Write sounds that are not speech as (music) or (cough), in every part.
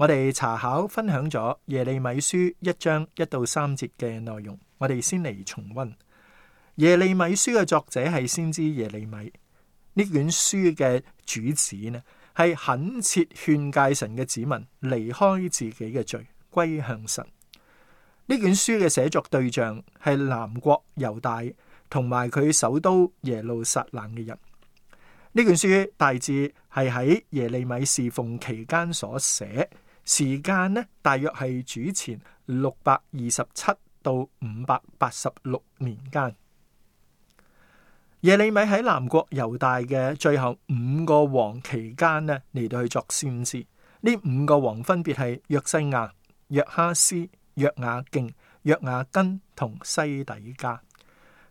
我哋查考分享咗耶利米書一章一到三節嘅內容，我哋先嚟重溫耶利米書嘅作者係先知耶利米。呢卷書嘅主旨呢係懇切勸誡神嘅子民離開自己嘅罪，歸向神。呢卷書嘅寫作對象係南國猶大同埋佢首都耶路撒冷嘅人。呢卷書大致係喺耶利米侍奉期間所寫。時間呢，大約係主前六百二十七到五百八十六年間。耶利米喺南國猶大嘅最後五個王期間呢，嚟到去作先知。呢五個王分別係約西亞、約哈斯、約雅敬、約雅斤同西底家。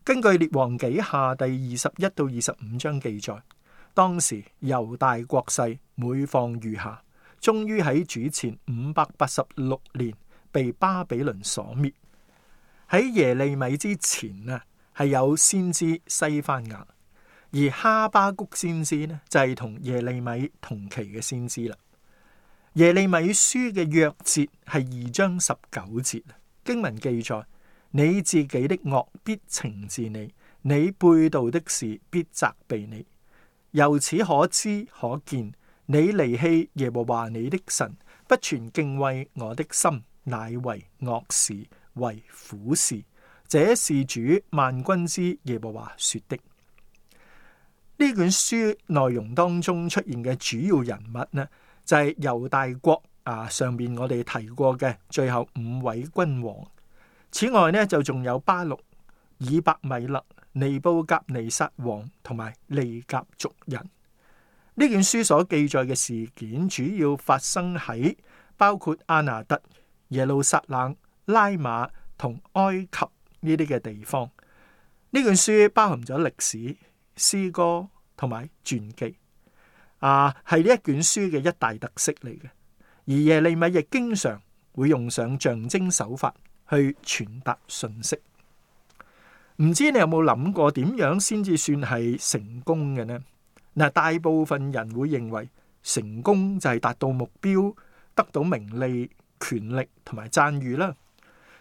根據《列王紀下》第二十一到二十五章記載，當時猶大國勢每況愈下。終於喺主前五百八十六年被巴比倫所滅。喺耶利米之前啊，係有先知西番雅，而哈巴谷先知呢就係同耶利米同期嘅先知啦。耶利米書嘅約節係二章十九節啊，經文記載：你自己的惡必懲治你，你背道的事必責備你。由此可知可見。你離棄耶和華你的神，不存敬畏我的心，乃為惡事，為苦事。這是主萬軍之耶和華說的。呢卷書內容當中出現嘅主要人物呢，就係、是、猶大國啊，上面我哋提過嘅最後五位君王。此外呢，就仲有巴錄、以百米勒、尼布甲尼撒王同埋利甲族人。呢卷書所記載嘅事件，主要發生喺包括亞拿突、耶路撒冷、拉馬同埃及呢啲嘅地方。呢卷書包含咗歷史、詩歌同埋傳記，啊，係呢一卷書嘅一大特色嚟嘅。而耶利米亦經常會用上象徵手法去傳達信息。唔知你有冇諗過點樣先至算係成功嘅呢？嗱，大部分人會認為成功就係達到目標，得到名利、權力同埋讚譽啦。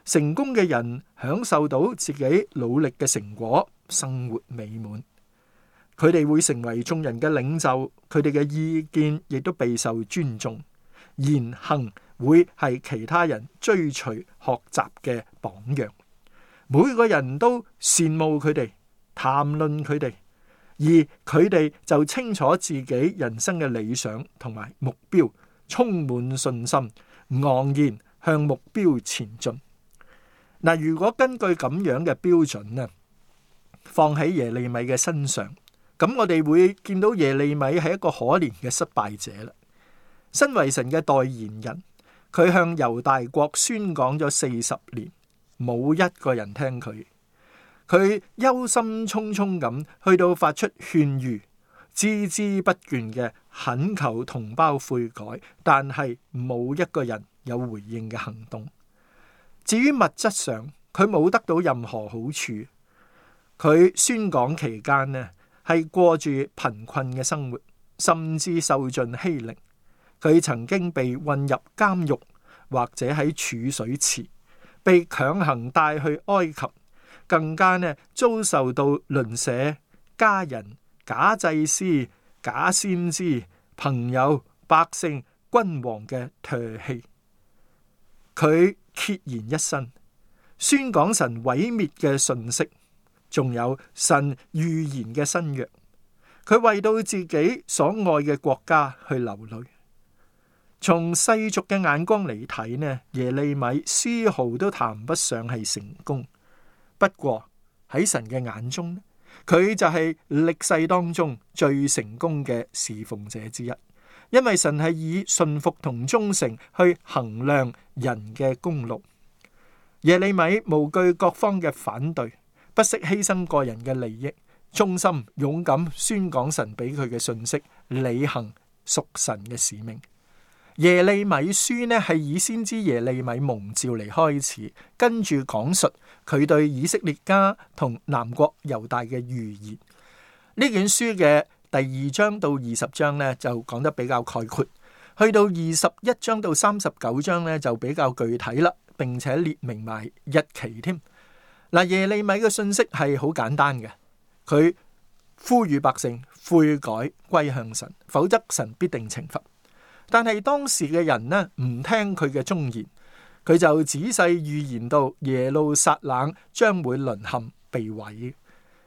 成功嘅人享受到自己努力嘅成果，生活美滿。佢哋會成為眾人嘅領袖，佢哋嘅意見亦都備受尊重，言行會係其他人追隨學習嘅榜樣。每個人都羨慕佢哋，談論佢哋。而佢哋就清楚自己人生嘅理想同埋目標，充滿信心，昂然向目標前進。嗱，如果根據咁樣嘅標準呢，放喺耶利米嘅身上，咁我哋會見到耶利米係一個可憐嘅失敗者啦。身為神嘅代言人，佢向猶大國宣講咗四十年，冇一個人聽佢。佢憂心忡忡咁去到，發出勸喻，孜孜不倦嘅懇求同胞悔改，但係冇一個人有回應嘅行動。至於物質上，佢冇得到任何好處。佢宣講期間呢，係過住貧困嘅生活，甚至受盡欺凌。佢曾經被運入監獄，或者喺儲水池被強行帶去埃及。更加呢，遭受到鄰舍、家人、假祭司、假先知、朋友、百姓、君王嘅唾棄。佢孑然一身，宣講神毀滅嘅訊息，仲有神預言嘅新約。佢為到自己所愛嘅國家去流淚。從世俗嘅眼光嚟睇呢，耶利米絲毫都談不上係成功。不過喺神嘅眼中，佢就係歷世當中最成功嘅侍奉者之一，因為神係以信服同忠誠去衡量人嘅功勞。耶利米無懼各方嘅反對，不惜犧牲個人嘅利益，忠心勇敢宣講神俾佢嘅信息，履行屬神嘅使命。耶利米書呢係以先知耶利米蒙召嚟開始，跟住講述佢對以色列家同南國猶大嘅預言。呢卷書嘅第二章到二十章呢就講得比較概括，去到二十一章到三十九章呢就比較具體啦，並且列明埋日期添。嗱，耶利米嘅信息係好簡單嘅，佢呼籲百姓悔改歸向神，否則神必定懲罰。但係當時嘅人呢，唔聽佢嘅忠言，佢就仔細預言到耶路撒冷將會淪陷被毀。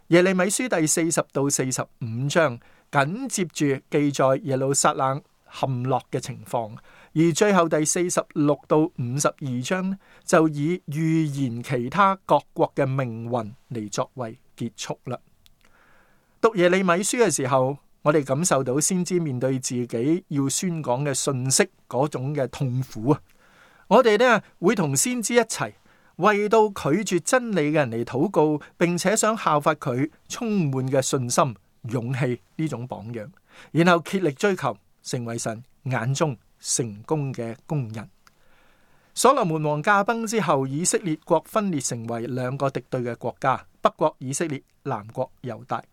耶利米書第四十到四十五章緊接住記載耶路撒冷陷落嘅情況，而最後第四十六到五十二章呢，就以預言其他各國嘅命運嚟作為結束啦。讀耶利米書嘅時候，我哋感受到先知面對自己要宣講嘅信息嗰種嘅痛苦啊！我哋呢會同先知一齊為到拒絕真理嘅人嚟禱告，並且想效法佢充滿嘅信心、勇氣呢種榜樣，然後竭力追求成為神眼中成功嘅工人。所羅門王駕崩之後，以色列國分裂成為兩個敵對嘅國家：北國以色列，南國猶大。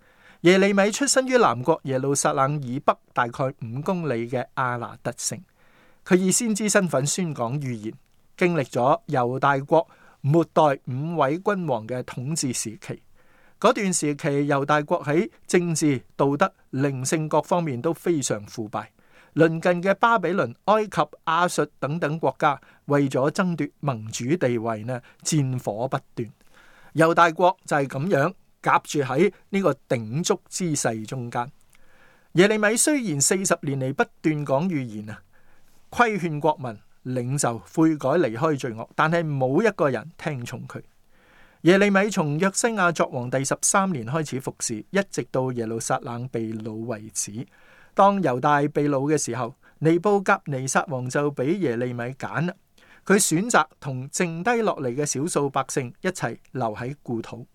耶利米出身於南國耶路撒冷以北大概五公里嘅阿拿德城，佢以先知身份宣講預言，經歷咗猶大國末代五位君王嘅統治時期。嗰段時期，猶大國喺政治、道德、靈性各方面都非常腐敗。鄰近嘅巴比倫、埃及、亞述等等國家為咗爭奪盟主地位呢，戰火不斷。猶大國就係咁樣。夾住喺呢個鼎足之勢中間，耶利米雖然四十年嚟不斷講預言啊，規勸國民領袖悔改離開罪惡，但係冇一個人聽從佢。耶利米從約西亞作王第十三年開始服侍，一直到耶路撒冷被擄為止。當猶大被擄嘅時候，尼布甲尼撒王就俾耶利米揀啦，佢選擇同剩低落嚟嘅少數百姓一齊留喺故土。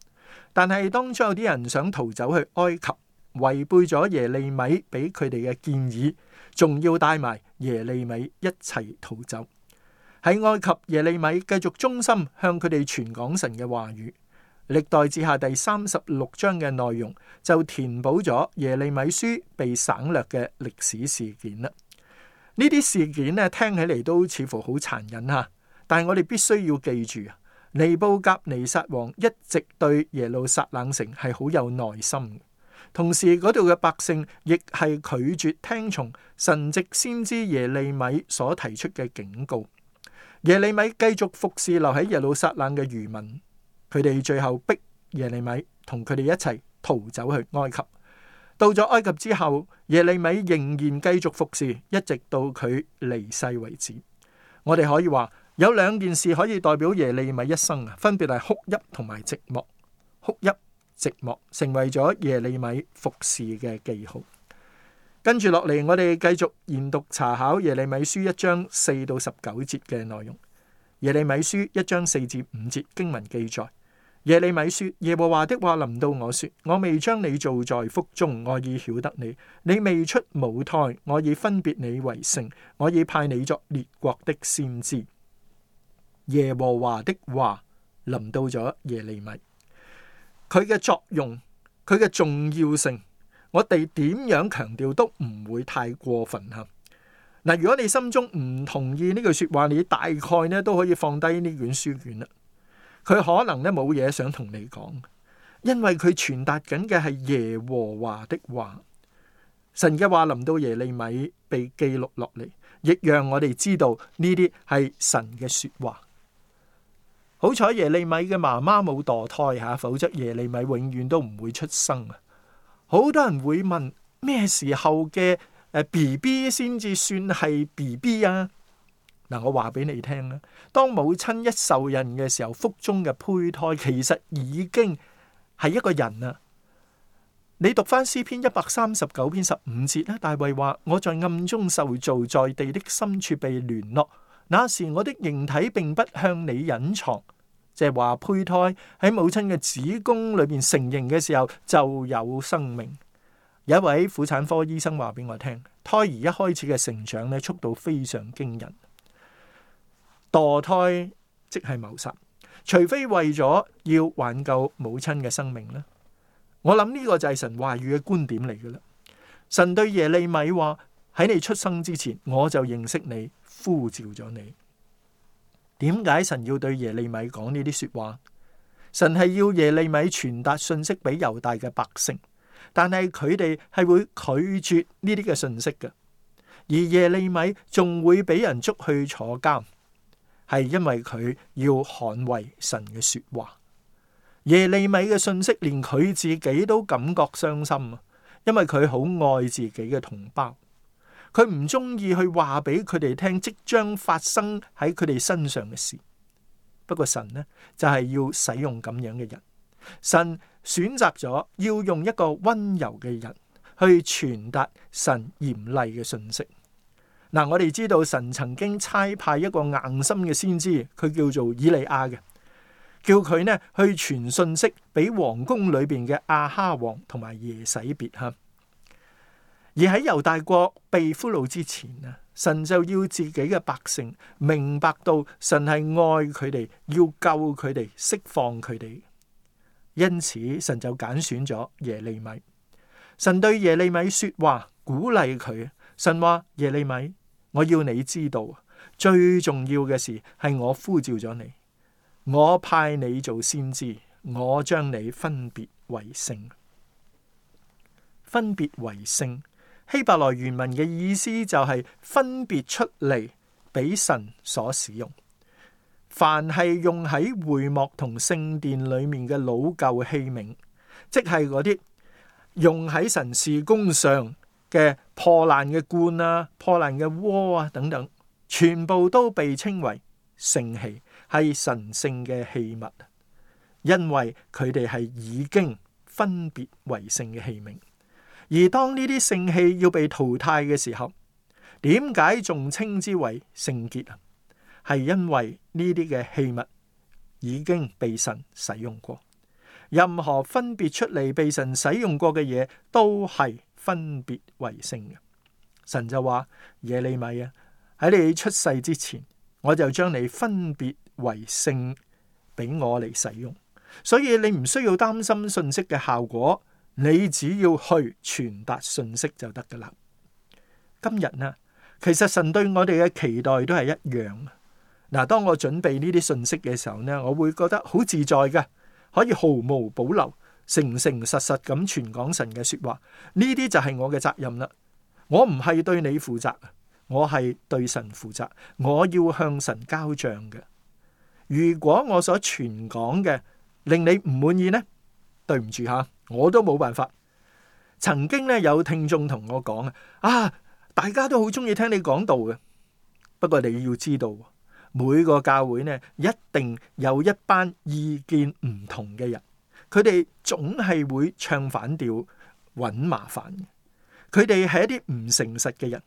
但係當初有啲人想逃走去埃及，違背咗耶利米俾佢哋嘅建議，仲要帶埋耶利米一齊逃走。喺埃及，耶利米繼續忠心向佢哋傳講神嘅話語。歷代志下第三十六章嘅內容就填補咗耶利米書被省略嘅歷史事件啦。呢啲事件咧，聽起嚟都似乎好殘忍吓，但係我哋必須要記住尼布甲尼撒王一直對耶路撒冷城係好有耐心，同時嗰度嘅百姓亦係拒絕聽從神蹟先知耶利米所提出嘅警告。耶利米繼續服侍，留喺耶路撒冷嘅餘民，佢哋最後逼耶利米同佢哋一齊逃走去埃及。到咗埃及之後，耶利米仍然繼續服侍，一直到佢離世為止。我哋可以話，有兩件事可以代表耶利米一生啊，分別係哭泣同埋寂寞。哭泣、寂寞成為咗耶利米服侍嘅記號。跟住落嚟，我哋繼續研讀查考耶利米書一章四到十九節嘅內容。耶利米書一章四至五節經文記載：耶利米說，耶和華的話臨到我說：我未將你造在腹中，我已曉得你；你未出母胎，我已分別你為聖，我已派你作列國的先知。耶和華的話臨到咗耶利米，佢嘅作用，佢嘅重要性，我哋點樣強調都唔會太過分吓。嗱，如果你心中唔同意呢句說話，你大概呢都可以放低呢卷書卷啦佢可能呢冇嘢想同你講，因為佢傳達緊嘅係耶和華的話，神嘅話臨到耶利米被記錄落嚟，亦讓我哋知道呢啲係神嘅說話。好彩耶利米嘅媽媽冇墮胎吓，否則耶利米永遠都唔會出生啊！好多人會問咩時候嘅 B B 先至算係 B B 啊？嗱，我話俾你聽啦，當母親一受孕嘅時候，腹中嘅胚胎其實已經係一個人啦。你讀翻詩篇一百三十九篇十五節啦，大衛話：我在暗中受造，在地的深處被聯絡，那時我的形體並不向你隱藏。就係話胚胎喺母親嘅子宮裏邊成形嘅時候就有生命。有一位婦產科醫生話俾我聽，胎兒一開始嘅成長咧速度非常驚人。墮胎即係謀殺，除非為咗要挽救母親嘅生命咧。我諗呢個就係神話語嘅觀點嚟嘅啦。神對耶利米話：喺你出生之前我就認識你，呼召咗你。點解神要對耶利米講呢啲說話？神係要耶利米傳達信息俾猶大嘅百姓，但係佢哋係會拒絕呢啲嘅信息嘅，而耶利米仲會俾人捉去坐監，係因為佢要捍衛神嘅說話。耶利米嘅信息連佢自己都感覺傷心啊，因為佢好愛自己嘅同胞。佢唔中意去話俾佢哋聽即將發生喺佢哋身上嘅事。不過神呢就係、是、要使用咁樣嘅人，神選擇咗要用一個溫柔嘅人去傳達神嚴厲嘅信息。嗱、嗯，我哋知道神曾經差派一個硬心嘅先知，佢叫做以利亞嘅，叫佢呢去傳信息俾皇宮裏邊嘅亞哈王同埋耶洗別哈。而喺猶大國被俘虜之前啊，神就要自己嘅百姓明白到神係愛佢哋，要救佢哋，釋放佢哋。因此，神就揀選咗耶利米。神對耶利米說話，鼓勵佢。神話耶利米：我要你知道，最重要嘅事係我呼召咗你，我派你做先知，我將你分別為聖，分別為聖。希伯來原文嘅意思就係分別出嚟，俾神所使用。凡係用喺會幕同聖殿裏面嘅老舊器皿，即係嗰啲用喺神事工上嘅破爛嘅罐啊、破爛嘅鍋啊等等，全部都被稱為聖器，係神聖嘅器物，因為佢哋係已經分別為聖嘅器皿。而當呢啲聖器要被淘汰嘅時候，點解仲稱之為聖潔啊？係因為呢啲嘅器物已經被神使用過，任何分別出嚟被神使用過嘅嘢，都係分別為聖嘅。神就話：耶利米啊，喺你出世之前，我就將你分別為聖，俾我嚟使用。所以你唔需要擔心信息嘅效果。你只要去傳達信息就得噶啦。今日呢，其實神對我哋嘅期待都係一樣。嗱，當我準備呢啲信息嘅時候呢，我會覺得好自在嘅，可以毫無保留、誠誠實實咁傳講神嘅說話。呢啲就係我嘅責任啦。我唔係對你負責，我係對神負責。我要向神交賬嘅。如果我所傳講嘅令你唔滿意呢？對唔住吓，我都冇辦法。曾經咧，有聽眾同我講啊，大家都好中意聽你講道嘅。不過你要知道，每個教會呢，一定有一班意見唔同嘅人，佢哋總係會唱反調，揾麻煩。佢哋係一啲唔誠實嘅人。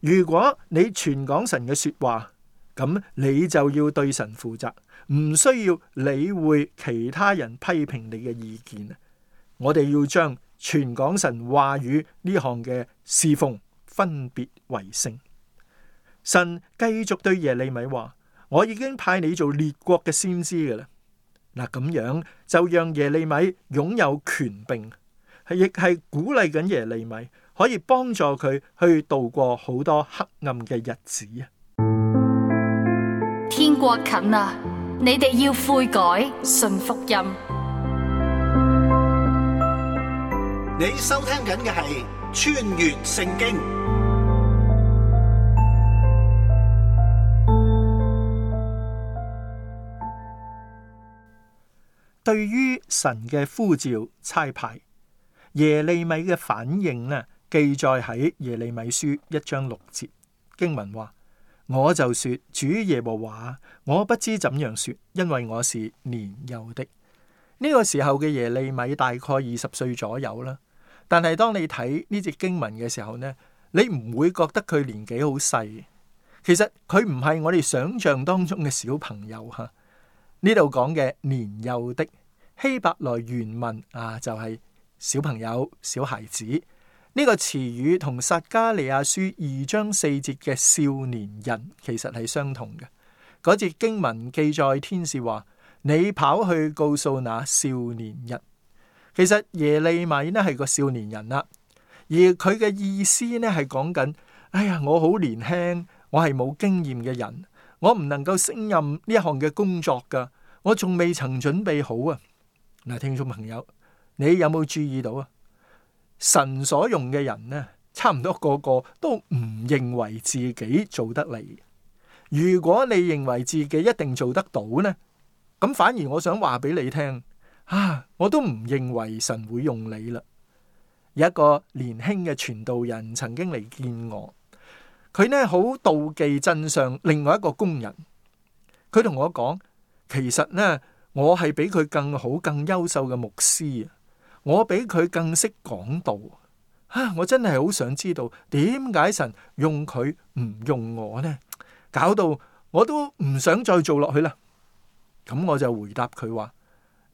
如果你傳講神嘅說話，咁你就要對神負責，唔需要理會其他人批評你嘅意見。我哋要將傳講神話語呢項嘅侍奉分別為聖。神繼續對耶利米話：「我已經派你做列國嘅先知嘅啦。」嗱，咁樣就讓耶利米擁有權柄，係亦係鼓勵緊耶利米，可以幫助佢去度過好多黑暗嘅日子啊！天國近啦，你哋要悔改，信福音。你收聽緊嘅係穿越聖經。 (noise) (noise) 對於神嘅呼召差派，耶利米嘅反應呢？記載喺耶利米書一章六節經文話。.我就說主耶和華，我不知怎樣說，因為我是年幼的。呢個時候嘅耶利米大概二十歲左右啦。但係當你睇呢節經文嘅時候呢，你唔會覺得佢年紀好細？其實佢唔係我哋想象當中嘅小朋友吓。呢度講嘅年幼的希伯來原文啊，就係小朋友、小孩子。呢個詞語同撒迦利亞書二章四節嘅少年人其實係相同嘅。嗰節經文記載天使話：你跑去告訴那少年人。其實耶利米呢係個少年人啦，而佢嘅意思呢係講緊：哎呀，我好年輕，我係冇經驗嘅人，我唔能夠升任呢一項嘅工作噶，我仲未曾準備好啊！嗱，聽眾朋友，你有冇注意到啊？神所用嘅人呢，差唔多個個都唔認為自己做得嚟。如果你認為自己一定做得到呢，咁反而我想話俾你聽，啊，我都唔認為神會用你啦。有一個年輕嘅傳道人曾經嚟見我，佢呢好妒忌鎮上另外一個工人，佢同我講，其實呢我係比佢更好、更優秀嘅牧師。我比佢更識講道啊！我真係好想知道點解神用佢唔用我呢？搞到我都唔想再做落去啦。咁我就回答佢話：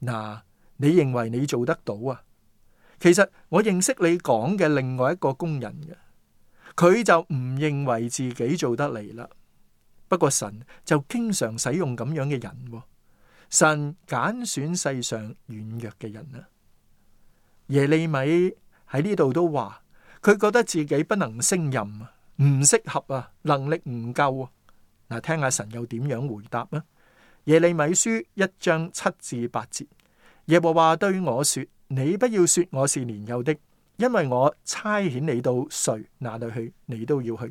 嗱，啊，你認為你做得到啊？其實我認識你講嘅另外一個工人嘅，佢就唔認為自己做得嚟啦。不過神就經常使用咁樣嘅人，啊，神揀選世上軟弱嘅人啊。耶利米喺呢度都話，佢覺得自己不能勝任，唔適合啊，能力唔夠啊。嗱，聽下神又點樣回答呢？耶利米書一章七至八節，耶和華對我說：你不要說我是年幼的，因為我差遣你到誰那裡去，你都要去；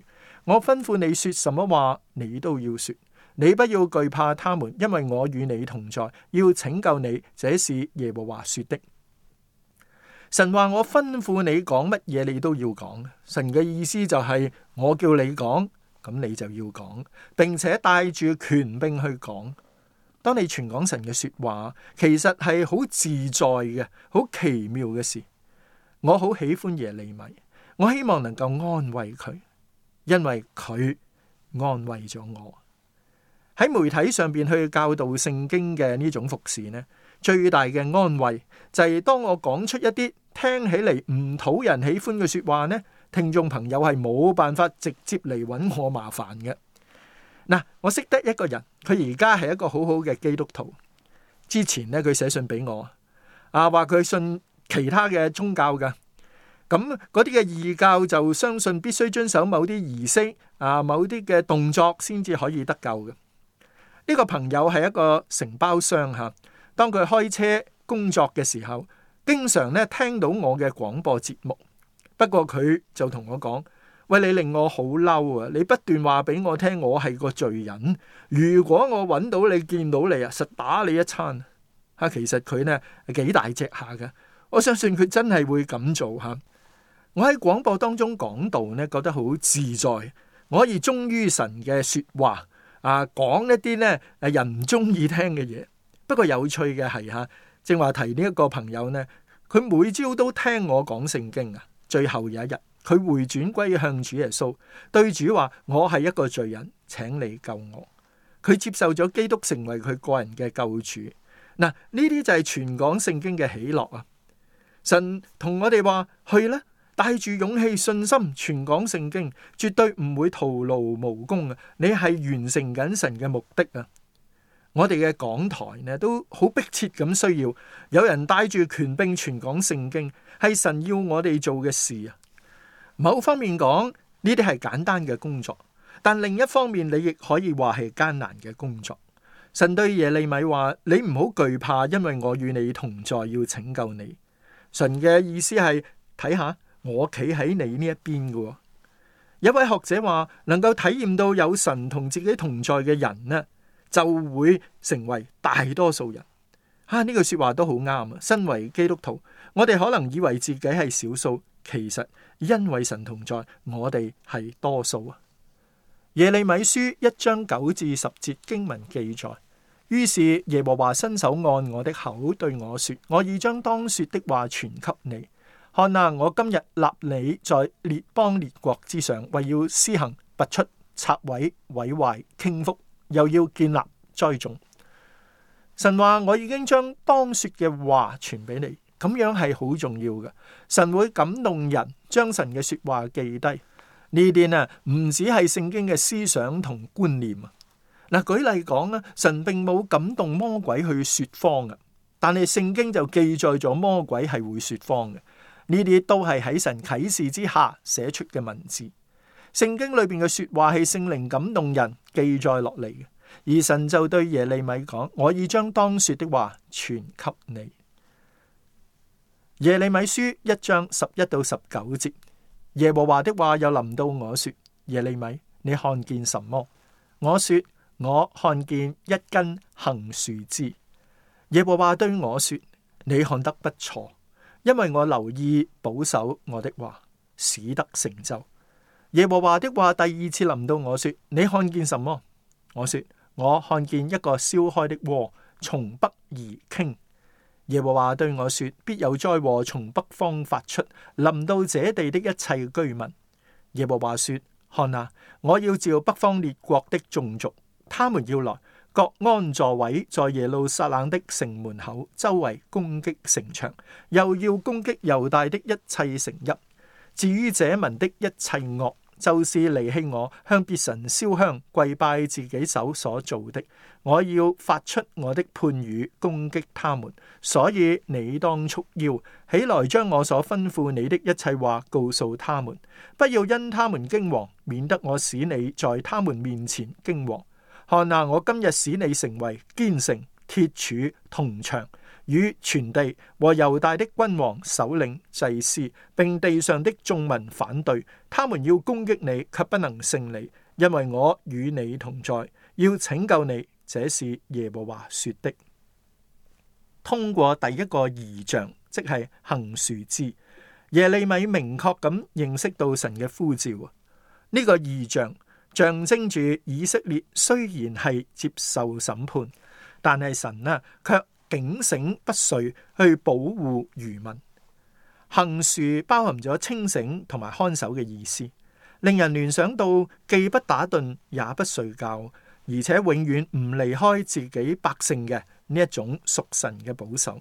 我吩咐你說什麼話，你都要說。你不要懼怕他們，因為我與你同在，要拯救你。這是耶和華說的。神話我吩咐你講乜嘢，你都要講。神嘅意思就係我叫你講，咁你就要講，並且帶住權柄去講。當你傳講神嘅說話，其實係好自在嘅，好奇妙嘅事。我好喜歡耶利米，我希望能夠安慰佢，因為佢安慰咗我。喺媒體上邊去教導聖經嘅呢種服侍呢，最大嘅安慰就係當我講出一啲，聽起嚟唔討人喜歡嘅說話呢，聽眾朋友係冇辦法直接嚟揾我麻煩嘅。嗱、啊，我識得一個人，佢而家係一個好好嘅基督徒。之前呢，佢寫信俾我，啊，話佢信其他嘅宗教噶。咁嗰啲嘅異教就相信必須遵守某啲儀式啊，某啲嘅動作先至可以得救嘅。呢個朋友係一個承包商吓、啊，當佢開車工作嘅時候。經常咧聽到我嘅廣播節目，不過佢就同我講：喂，你令我好嬲啊！你不斷話俾我聽，我係個罪人。如果我揾到你，見到你啊，實打你一餐啊！其實佢呢幾大隻下㗎，我相信佢真係會咁做嚇。我喺廣播當中講道呢，覺得好自在，我可以忠於神嘅説話啊，講一啲呢誒人唔中意聽嘅嘢。不過有趣嘅係嚇。正話提呢一個朋友呢，佢每朝都聽我講聖經啊。最後有一日，佢回轉歸向主耶穌，對主話：我係一個罪人，請你救我。佢接受咗基督成為佢個人嘅救主。嗱，呢啲就係傳講聖經嘅喜樂啊！神同我哋話：去啦，帶住勇氣、信心傳講聖經，絕對唔會徒勞無功啊！你係完成緊神嘅目的啊！我哋嘅港台呢，都好迫切咁需要有人帶住權柄傳講聖經，係神要我哋做嘅事啊。某方面講呢啲係簡單嘅工作，但另一方面你亦可以話係艱難嘅工作。神對耶利米話：你唔好懼怕，因為我與你同在，要拯救你。神嘅意思係睇下我企喺你呢一邊嘅。有位學者話：能夠體驗到有神同自己同在嘅人呢？就會成為大多數人啊，呢句說話都好啱啊！身為基督徒，我哋可能以為自己係少數，其實因為神同在，我哋係多數啊！耶利米書一章九至十節經文記載：於是耶和華伸手按我的口對我說：我已將當說的話傳給你，看啊！我今日立你在列邦列國之上，為要施行拔出、拆毀、毀壞、傾覆。又要建立栽種，神話我已經將當說嘅話傳俾你，咁樣係好重要嘅。神會感動人，將神嘅說話記低。呢啲呢唔只係聖經嘅思想同觀念啊。嗱，舉例講啦，神並冇感動魔鬼去說謊嘅，但係聖經就記載咗魔鬼係會說謊嘅。呢啲都係喺神啟示之下寫出嘅文字。聖經裏邊嘅說話係聖靈感動人記載落嚟嘅，而神就對耶利米講：我已將當說的話傳給你。耶利米書一章十一到十九節，耶和華的話又臨到我說：耶利米，你看見什麼？我說：我看見一根杏樹枝。耶和華對我說：你看得不錯，因為我留意保守我的話，使得成就。耶和華的話第二次臨到我說：，你看見什麼？我說：，我看見一個燒開的鍋，從北而傾。耶和華對我說：，必有災禍從北方發出，臨到這地的一切居民。耶和華說：，看啊，我要召北方列國的眾族，他們要來各安坐位，在耶路撒冷的城門口周圍攻擊城牆，又要攻擊猶大的一切城邑。至於這民的一切惡，就是離棄我，向別神燒香跪拜自己手所做的，我要發出我的判語攻擊他們。所以你當束腰起來，將我所吩咐你的一切話告訴他們，不要因他們驚惶，免得我使你在他們面前驚惶。看那我今日使你成為堅城、鐵柱、銅牆。與全地和猶大的君王、首領、祭司，並地上的眾民反對，他們要攻擊你，卻不能勝你，因為我與你同在，要拯救你。這是耶和華說的。通過第一個異象，即係杏樹枝，耶利米明確咁認識到神嘅呼召啊。呢、這個異象象徵住以色列雖然係接受審判，但係神呢、啊、卻。警醒不睡去保護愚民，杏樹包含咗清醒同埋看守嘅意思，令人聯想到既不打盹也不睡覺，而且永遠唔離開自己百姓嘅呢一種屬神嘅保守。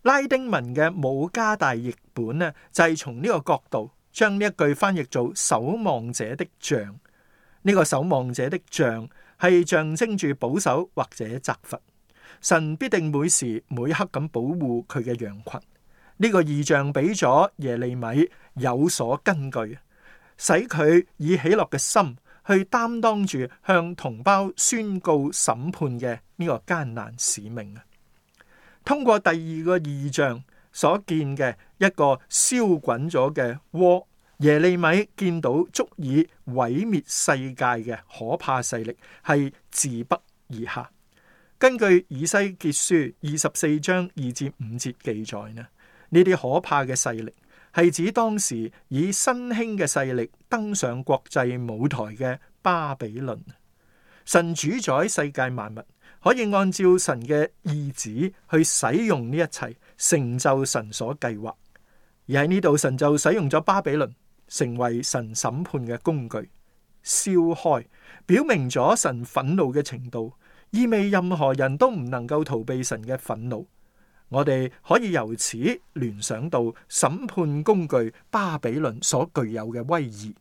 拉丁文嘅武加大譯本呢，就係、是、從呢個角度將呢一句翻譯做守望者的杖呢、這個守望者的杖係象徵住保守或者責罰。神必定每時每刻咁保護佢嘅羊群，呢個異象，俾咗耶利米有所根據，使佢以喜樂嘅心去擔當住向同胞宣告審判嘅呢個艱難使命啊！通過第二個異象所見嘅一個燒滾咗嘅鍋，耶利米見到足以毀滅世界嘅可怕勢力，係自北而下。根據以西結書二十四章二至五節記載呢，呢啲可怕嘅勢力係指當時以新興嘅勢力登上國際舞台嘅巴比倫。神主宰世界萬物，可以按照神嘅意旨去使用呢一切，成就神所計劃。而喺呢度，神就使用咗巴比倫，成為神審判嘅工具，燒開，表明咗神憤怒嘅程度。意味任何人都唔能夠逃避神嘅憤怒。我哋可以由此聯想到審判工具巴比倫所具有嘅威儀。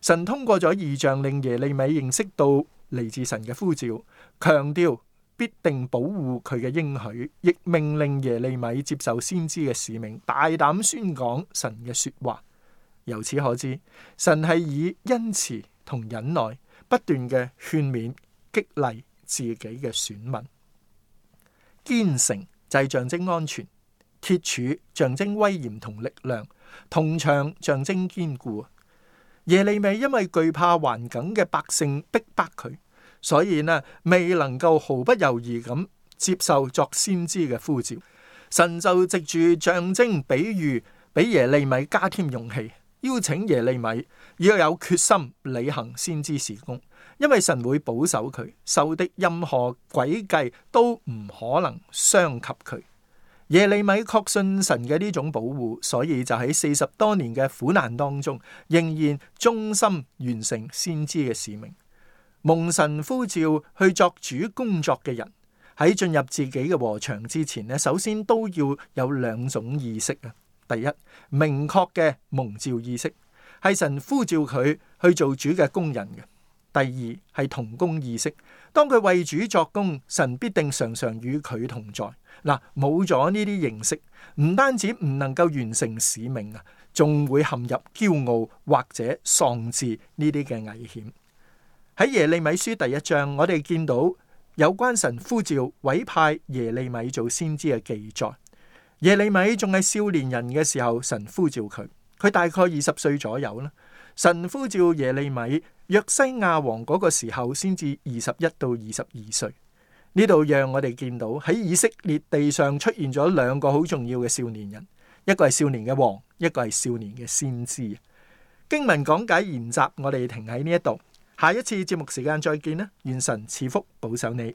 神通過咗異象，令耶利米認識到嚟自神嘅呼召，強調必定保護佢嘅應許，亦命令耶利米接受先知嘅使命，大膽宣講神嘅說話。由此可知，神係以恩慈同忍耐不斷嘅勸勉。激勵自己嘅選民，堅城就係象徵安全，鐵柱象徵威嚴同力量，銅牆象徵堅固。耶利米因為懼怕環境嘅百姓逼迫佢，所以呢未能夠毫不猶豫咁接受作先知嘅呼召。神就藉住象徵比喻，俾耶利米加添勇氣。邀請耶利米要有決心履行先知事工，因為神會保守佢，受的任何詭計都唔可能傷及佢。耶利米確信神嘅呢種保護，所以就喺四十多年嘅苦難當中，仍然忠心完成先知嘅使命。蒙神呼召去作主工作嘅人，喺進入自己嘅禾場之前呢，首先都要有兩種意識啊。第一，明確嘅蒙召意識，係神呼召佢去做主嘅工人嘅。第二，係同工意識。當佢為主作工，神必定常常與佢同在。嗱，冇咗呢啲認識，唔單止唔能夠完成使命啊，仲會陷入驕傲或者喪志呢啲嘅危險。喺耶利米書第一章，我哋見到有關神呼召委派耶利米做先知嘅記載。耶利米仲係少年人嘅時候，神呼召佢，佢大概二十歲左右啦。神呼召耶利米，約西亞王嗰個時候，先至二十一到二十二歲。呢度讓我哋見到喺以色列地上出現咗兩個好重要嘅少年人，一個係少年嘅王，一個係少年嘅先知。經文講解研習，我哋停喺呢一度，下一次節目時間再見啦，願神賜福保守你。